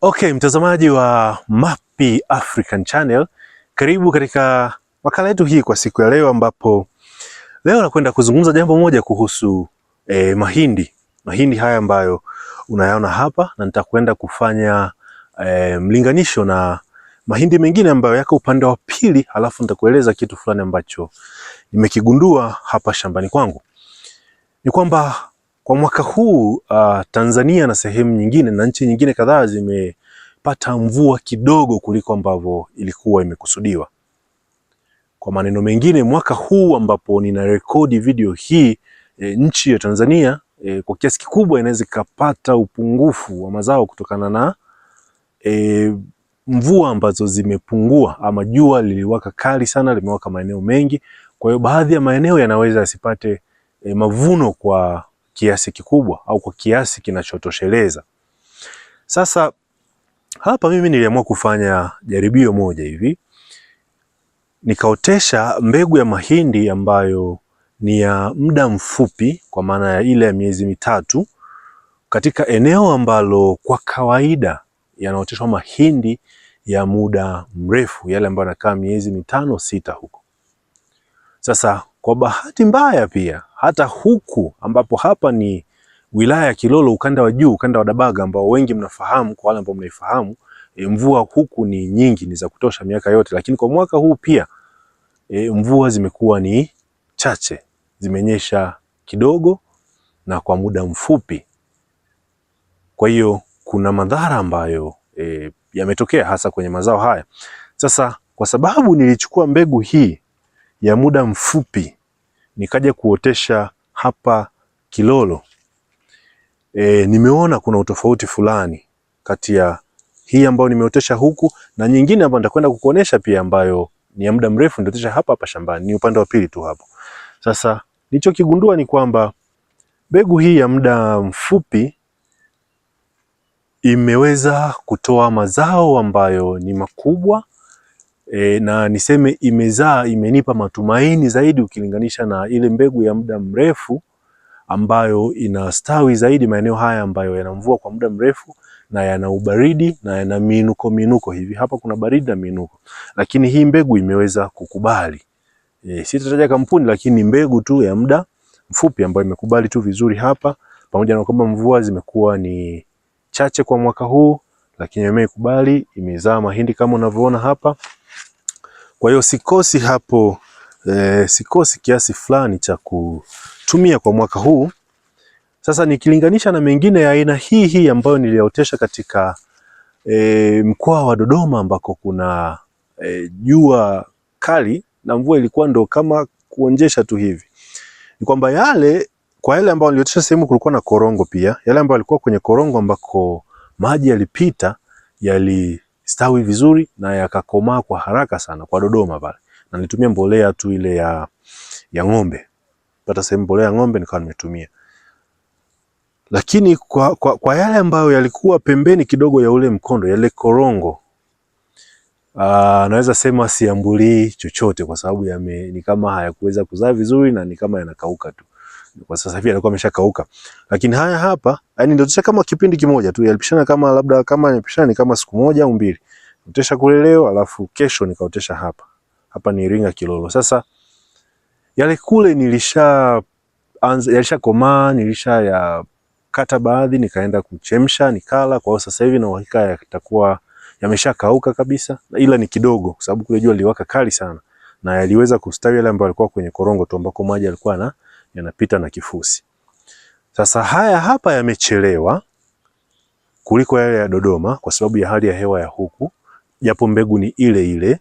Okay, mtazamaji wa Mapi African Channel, karibu katika makala yetu hii kwa siku ya leo, ambapo leo nakwenda kuzungumza jambo moja kuhusu eh, mahindi. Mahindi haya ambayo unayaona hapa, na nitakwenda kufanya eh, mlinganisho na mahindi mengine ambayo yako upande wa pili, halafu nitakueleza kitu fulani ambacho nimekigundua hapa shambani kwangu, ni kwamba kwa mwaka huu uh, Tanzania na sehemu nyingine na nchi nyingine kadhaa zimepata mvua kidogo kuliko ambavyo ilikuwa imekusudiwa. Kwa maneno mengine, mwaka huu ambapo ninarekodi video hii e, nchi ya Tanzania e, kwa kiasi kikubwa inaweza ikapata upungufu wa mazao kutokana na e, mvua ambazo zimepungua ama jua liliwaka kali sana, limewaka maeneo mengi. Kwa hiyo baadhi ya maeneo yanaweza yasipate e, mavuno kwa kiasi kikubwa au kwa kiasi kinachotosheleza. Sasa hapa mimi niliamua kufanya jaribio moja hivi, nikaotesha mbegu ya mahindi ambayo ni ya muda mfupi, kwa maana ya ile ya miezi mitatu, katika eneo ambalo kwa kawaida yanaoteshwa mahindi ya muda mrefu, yale ambayo yanakaa miezi mitano sita huko. Sasa kwa bahati mbaya pia hata huku ambapo hapa ni wilaya ya Kilolo ukanda wa juu, ukanda wa Dabaga ambao wengi mnafahamu, kwa wale ambao mnaifahamu e, mvua huku ni nyingi, ni za kutosha miaka yote, lakini kwa mwaka huu pia e, mvua zimekuwa ni chache, zimenyesha kidogo na kwa muda mfupi. Kwa hiyo kuna madhara ambayo e, yametokea hasa kwenye mazao haya. Sasa kwa sababu nilichukua mbegu hii ya muda mfupi nikaja kuotesha hapa Kilolo e, nimeona kuna utofauti fulani kati ya hii ambayo nimeotesha huku na nyingine ambayo nitakwenda kukuonesha pia, ambayo ni ya muda mrefu nitaotesha hapa hapa shambani, ni upande wa pili tu hapo. Sasa nilichokigundua ni kwamba mbegu hii ya muda mfupi imeweza kutoa mazao ambayo ni makubwa e, na niseme imezaa, imenipa matumaini zaidi ukilinganisha na ile mbegu ya muda mrefu ambayo inastawi zaidi maeneo haya ambayo yana mvua kwa muda mrefu na yana ubaridi na yana minuko minuko hivi. Hapa kuna baridi na minuko, lakini hii mbegu imeweza kukubali. E, sitataja kampuni, lakini mbegu tu ya muda mfupi ambayo imekubali tu vizuri hapa, pamoja na kwamba mvua zimekuwa ni chache kwa mwaka huu, lakini imekubali, imezaa mahindi kama unavyoona hapa. Kwa hiyo sikosi hapo e, sikosi kiasi fulani cha kutumia kwa mwaka huu. Sasa nikilinganisha na mengine ya aina hii hii ambayo niliyaotesha katika e, mkoa wa Dodoma ambako kuna e, jua kali na mvua ilikuwa ndo kama kuonjesha tu hivi, ni kwamba yale kwa yale ambayo niliotesha sehemu kulikuwa na korongo pia, yale ambayo yalikuwa kwenye korongo ambako maji yalipita yali stawi vizuri na yakakomaa kwa haraka sana kwa Dodoma pale, na nilitumia mbolea tu ile ya ya ng'ombe, pata sehemu mbolea ya ng'ombe nikawa nimetumia. Lakini kwa, kwa, kwa yale ambayo yalikuwa pembeni kidogo ya ule mkondo, yale korongo aa, naweza sema siambulii chochote kwa sababu ni kama hayakuweza kuzaa vizuri na ni kama yanakauka tu kwa sasa hivi alikuwa ameshakauka, lakini haya hapa yani ndio tusha kama kipindi kimoja tu yalipishana kama labda kama yalipishana kama siku moja au mbili, utesha kule leo, alafu kesho nikaotesha hapa hapa ni Iringa Kilolo. Sasa yale kule nilisha anza yalisha komaa, nilisha ya kata baadhi nikaenda kuchemsha nikala. Kwa hiyo sasa hivi na uhakika yatakuwa yameshakauka kabisa, ila ni kidogo, kwa sababu kule jua liliwaka kali sana na yaliweza kustawi yale ambayo yalikuwa kwenye korongo tu ambako maji yalikuwa na yanapita na kifusi. Sasa haya hapa yamechelewa kuliko yale ya Dodoma kwa sababu ya hali ya hewa ya huku, japo mbegu ni ile ile,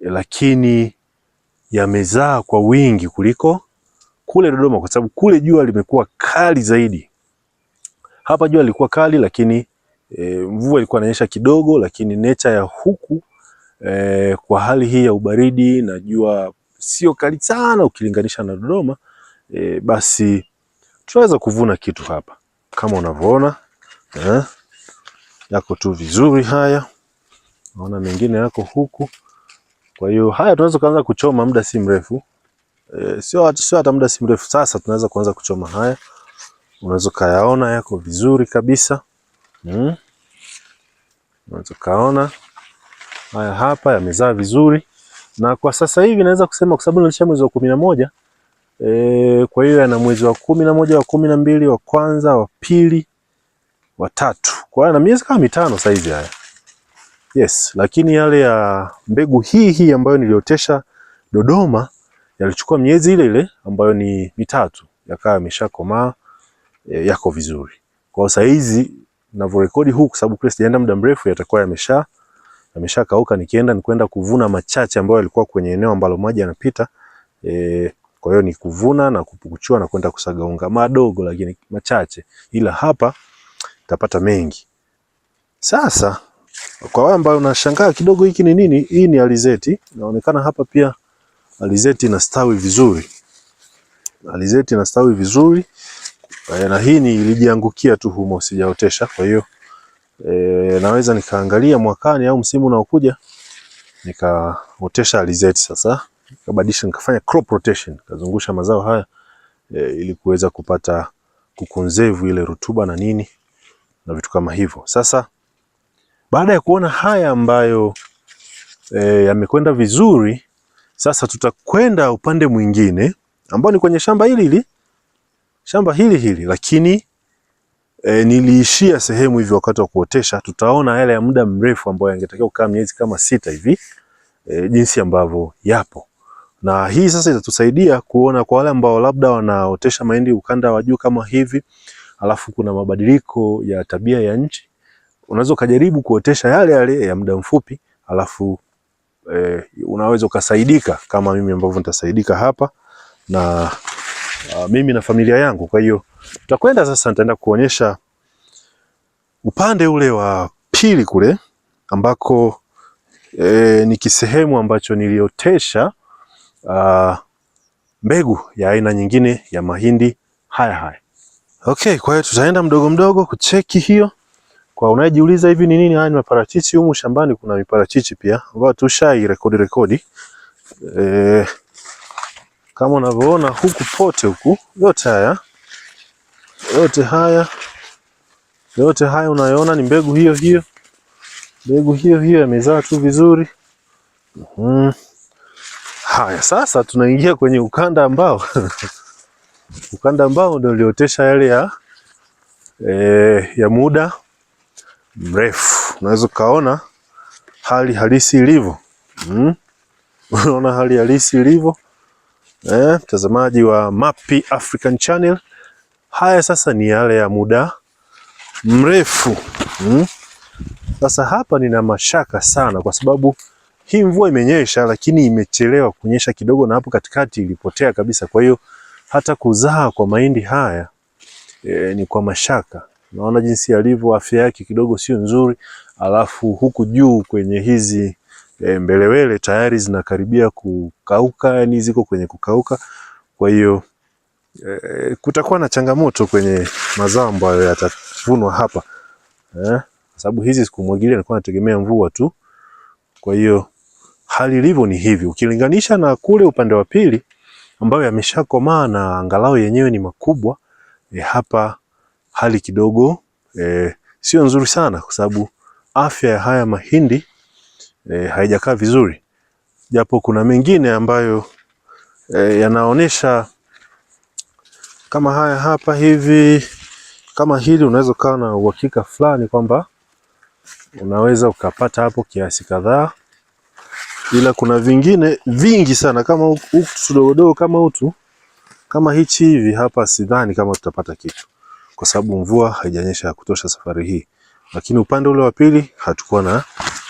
lakini yamezaa kwa wingi kuliko kule Dodoma, kwa sababu kule jua limekuwa kali zaidi. Hapa jua lilikuwa kali, lakini e, mvua ilikuwa inanyesha kidogo, lakini necha ya huku e, kwa hali hii ya ubaridi na jua sio kali sana ukilinganisha na Dodoma e, basi tunaweza kuvuna kitu hapa kama unavyoona eh, yako tu vizuri haya. Naona mengine yako huku, kwa hiyo haya tunaweza kuanza kuchoma muda si mrefu e, sio sio hata muda si mrefu sasa tunaweza kuanza kuchoma haya. Unaweza kayaona yako vizuri kabisa mm. Unaweza kaona haya hapa yamezaa vizuri, na kwa sasa hivi naweza kusema kwa sababu nilisha mwezi wa kumi na moja e, kwa hiyo yana mwezi wa kumi na moja, wa kumi na mbili, wa kwanza, wa pili, wa tatu, kwa hiyo yana miezi kama mitano sasa hivi haya. Yes, lakini yale ya mbegu hii hii ambayo niliotesha Dodoma yalichukua miezi ile ile ambayo ni mitatu, yakawa yameshakomaa e, yako vizuri. Kwa hiyo hizi ninavyorekodi huku kwa sababu sijaenda muda mrefu, yatakuwa yamesha yameshakauka. Nikienda nikwenda kuvuna machache ambayo yalikuwa kwenye eneo ambalo maji yanapita e, kwa hiyo ni kuvuna na kupukuchua na kwenda kusaga unga madogo, lakini machache, ila hapa tapata mengi. Sasa kwa wale ambao unashangaa kidogo, hiki ni nini? Hii ni alizeti. Inaonekana hapa pia alizeti inastawi vizuri, alizeti inastawi vizuri eh, na hii ni ilijiangukia tu humo, sijaotesha. Kwa hiyo e, naweza nikaangalia mwakani au msimu unaokuja nikaotesha alizeti sasa nikabadilisha nikafanya crop rotation, kazungusha mazao haya e, ili kuweza kupata kukonzevu ile rutuba na nini na vitu kama hivyo. Sasa baada ya kuona haya ambayo e, yamekwenda vizuri, sasa tutakwenda upande mwingine ambao ni kwenye shamba hili hili shamba hili hili lakini e, niliishia sehemu hivi wakati wa kuotesha. Tutaona yale ya muda mrefu ambayo yangetakiwa kukaa miezi kama sita hivi e, jinsi ambavyo yapo na hii sasa itatusaidia kuona kwa wale ambao labda wanaotesha mahindi ukanda wa juu kama hivi, alafu kuna mabadiliko ya tabia ya nchi, unaweza ukajaribu kuotesha yale yale ya muda mfupi, alafu eh, unaweza ukasaidika kama mimi ambavyo nitasaidika hapa na uh, mimi na familia yangu. Kwa hiyo tutakwenda sasa, nitaenda kuonyesha upande ule wa pili kule ambako eh, ni kisehemu ambacho niliotesha uh, mbegu ya aina nyingine ya mahindi haya haya. Okay, kwa hiyo tutaenda mdogo mdogo kucheki hiyo. Kwa unayejiuliza hivi ni nini, haya ni maparachichi. Humu shambani kuna miparachichi pia ambayo tushai rekodi rekodi. E, kama unavyoona huku pote huku yote haya yote haya yote haya unayoona ni mbegu hiyo hiyo, mbegu hiyo hiyo yamezaa tu vizuri. mm -hmm. Haya, sasa tunaingia kwenye ukanda ambao ukanda ambao ndio uliotesha yale ya e, ya muda mrefu. Unaweza ukaona hali halisi ilivyo, mm? unaona hali halisi ilivyo e, mtazamaji wa Mapi African Channel. Haya sasa ni yale ya muda mrefu mm? Sasa hapa nina mashaka sana kwa sababu hii mvua imenyesha, lakini imechelewa kunyesha kidogo, na hapo katikati ilipotea kabisa. Kwa hiyo hata kuzaa kwa mahindi haya e, ni kwa mashaka. Naona jinsi yalivyo, afya yake kidogo sio nzuri, alafu huku juu kwenye hizi e, mbelewele tayari zinakaribia kukauka, yani ziko kwenye kukauka. Kwa hiyo e, kutakuwa na changamoto kwenye mazao ambayo yatavunwa hapa eh, sababu hizi sikumwagilia, nilikuwa nategemea mvua tu, kwa hiyo hali ilivyo ni hivi, ukilinganisha na kule upande wa pili ambayo yameshakomaa na angalau yenyewe ni makubwa. E, hapa hali kidogo e, sio nzuri sana kwa sababu afya ya haya mahindi e, haijakaa vizuri, japo kuna mengine ambayo e, yanaonesha kama haya hapa hivi. Kama hili unaweza ukawa na uhakika fulani kwamba unaweza ukapata hapo kiasi kadhaa ila kuna vingine vingi sana kama huku tudogodogo kama utu kama hichi hivi hapa, sidhani kama tutapata kitu kwa sababu mvua haijanyesha ya kutosha safari hii, lakini upande ule wa pili hatukuwa na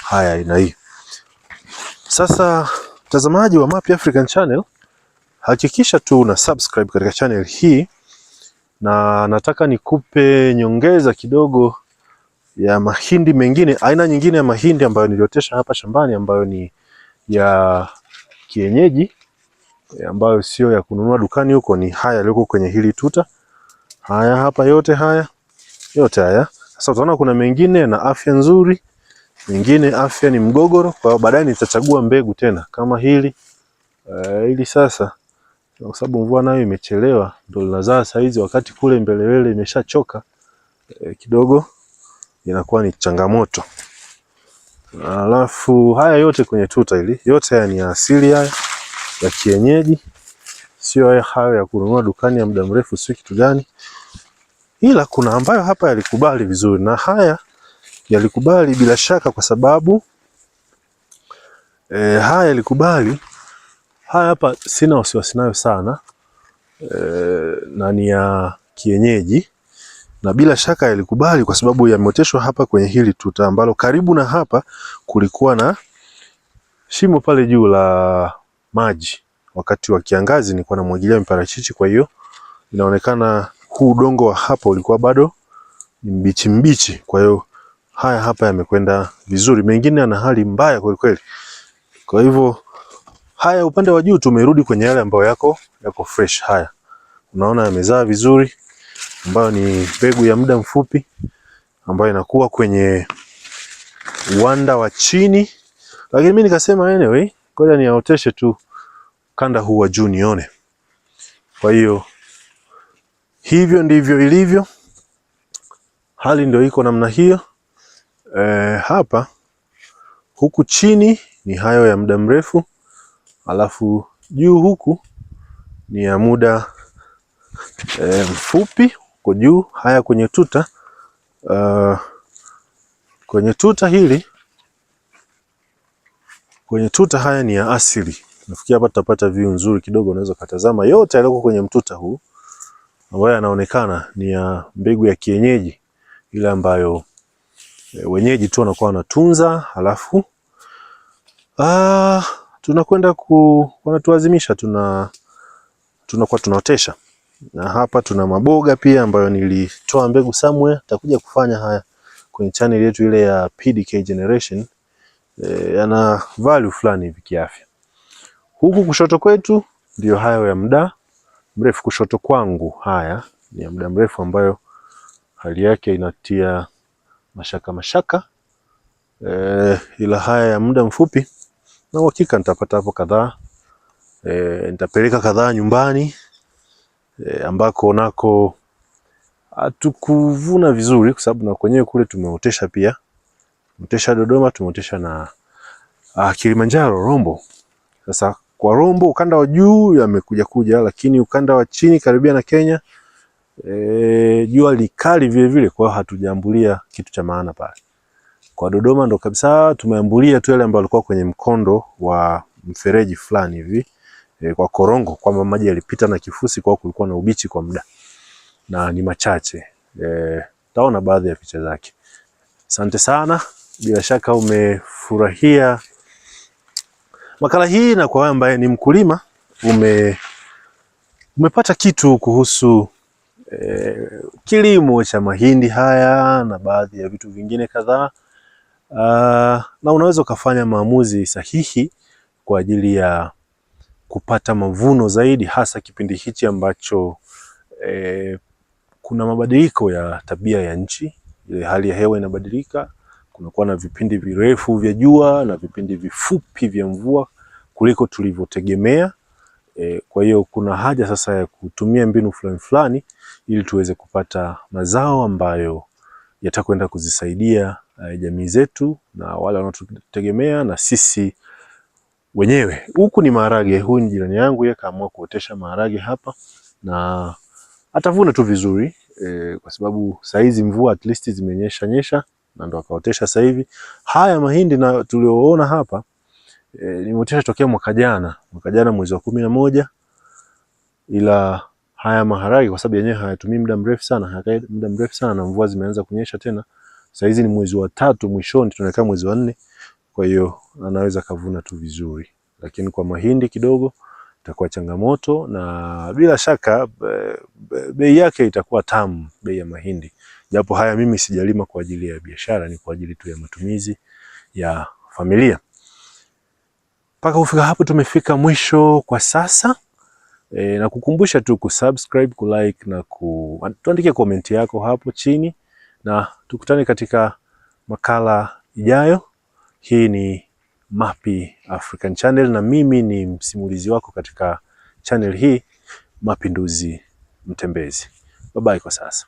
haya aina hii. Sasa mtazamaji wa Mapya African Channel, hakikisha tu una subscribe katika channel hii, na nataka nikupe nyongeza kidogo ya mahindi mengine, aina nyingine ya mahindi ambayo niliotesha hapa shambani ambayo ni ya kienyeji e, ambayo sio ya kununua dukani huko, ni haya yaliyoko kwenye hili tuta. Haya hapa yote haya yote haya. Sasa utaona kuna mengine na afya nzuri, mengine afya ni mgogoro. Kwa hiyo baadaye nitachagua mbegu tena kama hili uh, hili sasa, kwa sababu mvua nayo imechelewa, ndio linazaa saizi, wakati kule mbelewele imeshachoka eh, kidogo inakuwa ni changamoto. Alafu haya yote kwenye tuta hili, yote haya ni ya asili, haya ya kienyeji, sio hayo ya kununua dukani ya muda mrefu, sio kitu gani, ila kuna ambayo hapa yalikubali vizuri, na haya yalikubali bila shaka, kwa sababu e, haya yalikubali. Haya hapa sina wasiwasi nayo sana e, na ni ya kienyeji na bila shaka yalikubali kwa sababu yameoteshwa hapa kwenye hili tuta, ambalo karibu na hapa kulikuwa na shimo pale juu la maji. Wakati wa kiangazi nilikuwa namwagilia miparachichi, kwa hiyo inaonekana huu udongo wa hapa ulikuwa bado mbichi mbichi, kwa hiyo haya hapa yamekwenda vizuri, mengine yana hali mbaya kweli kweli. Kwa hivyo haya upande wa juu tumerudi kwenye yale ambayo yako yako fresh. Haya unaona yamezaa vizuri ambayo ni mbegu ya muda mfupi ambayo inakuwa kwenye uwanda wa chini, lakini mimi nikasema anyway, ngoja niaoteshe tu kanda huu wa juu nione. Kwa hiyo hivyo ndivyo ilivyo, hali ndio iko namna hiyo. E, hapa huku chini ni hayo ya muda mrefu, alafu juu huku ni ya muda e, mfupi uko juu. Haya kwenye tuta uh, kwenye tuta hili kwenye tuta haya ni ya asili. Nafikiri hapa tutapata view nzuri kidogo, unaweza kutazama yote yaliyo kwenye mtuta huu ambayo yanaonekana ni ya mbegu ya kienyeji ile ambayo e, wenyeji tu wanakuwa wanatunza, halafu ah, tunakwenda ku wanatuazimisha tuna tunakuwa tunaotesha na hapa tuna maboga pia ambayo nilitoa mbegu somewhere, takuja kufanya haya kwenye channel yetu ile ya PDK Generation. E, yana value fulani hivi kiafya. Huku kushoto kwetu ndio hayo ya muda mrefu, kushoto kwangu haya ni ya muda mrefu ambayo hali yake inatia mashaka mashaka. E, ila haya ya muda mfupi na uhakika nitapata hapo kadhaa. E, nitapeleka kadhaa nyumbani e, ambako nako hatukuvuna vizuri, kwa sababu na kwenyewe kule tumeotesha pia, tumeotesha Dodoma, tumeotesha na a, Kilimanjaro rombo. Sasa kwa rombo ukanda wa juu yamekuja kuja, lakini ukanda wa chini karibia na Kenya e, jua likali vile vile, kwa hatujaambulia kitu cha maana pale. Kwa Dodoma ndo kabisa tumeambulia tu yale ambayo alikuwa kwenye mkondo wa mfereji fulani hivi e, kwa korongo kwamba maji yalipita na kifusi, kwa kulikuwa na ubichi kwa muda na ni machache e, eh, taona baadhi ya picha zake. Asante sana, bila shaka umefurahia makala hii, na kwa wewe ambaye ni mkulima ume, umepata kitu kuhusu e, kilimo cha mahindi haya na baadhi ya vitu vingine kadhaa. Uh, na unaweza ukafanya maamuzi sahihi kwa ajili ya kupata mavuno zaidi, hasa kipindi hichi ambacho e, kuna mabadiliko ya tabia ya nchi. Ile hali ya hewa inabadilika, kunakuwa na vipindi virefu vya jua na vipindi vifupi vya mvua kuliko tulivyotegemea. E, kwa hiyo kuna haja sasa ya kutumia mbinu fulani fulani ili tuweze kupata mazao ambayo yatakwenda kuzisaidia e, jamii zetu na wale wanaotutegemea na sisi wenyewe. Huku ni maharage, huyu ni jirani yangu, yeye kaamua kuotesha maharage hapa na atavuna tu vizuri e, kwa sababu saizi mvua at least zimenyesha nyesha na ndo akaotesha sasa hivi. Haya mahindi na tulioona hapa e, nimeotesha tokea mwaka jana, mwaka jana mwezi wa kumi na moja, ila haya maharage kwa sababu yenyewe hayatumii muda mrefu sana, hayakai muda mrefu sana na mvua zimeanza kunyesha tena. Sasa hizi ni mwezi wa tatu mwishoni, tunaelekea mwezi wa nne kwa hiyo anaweza kavuna tu vizuri, lakini kwa mahindi kidogo itakuwa changamoto, na bila shaka bei yake itakuwa tamu, bei ya mahindi. Japo haya mimi sijalima kwa ajili ya biashara, ni kwa ajili tu ya matumizi ya familia. Mpaka kufika hapo, tumefika mwisho kwa sasa. E, na kukumbusha tu kusubscribe, kulike na ku... tuandike komenti yako hapo chini, na tukutane katika makala ijayo. Hii ni Mapi African Channel na mimi ni msimulizi wako katika channel hii, Mapinduzi Mtembezi. Bye bye kwa sasa.